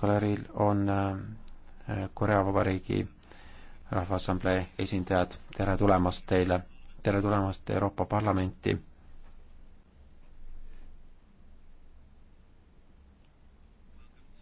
galeriil on äh, Korea Vabariigi Rahvaassamblee esindajad, tere tulemast teile, tere tulemast Euroopa Parlamenti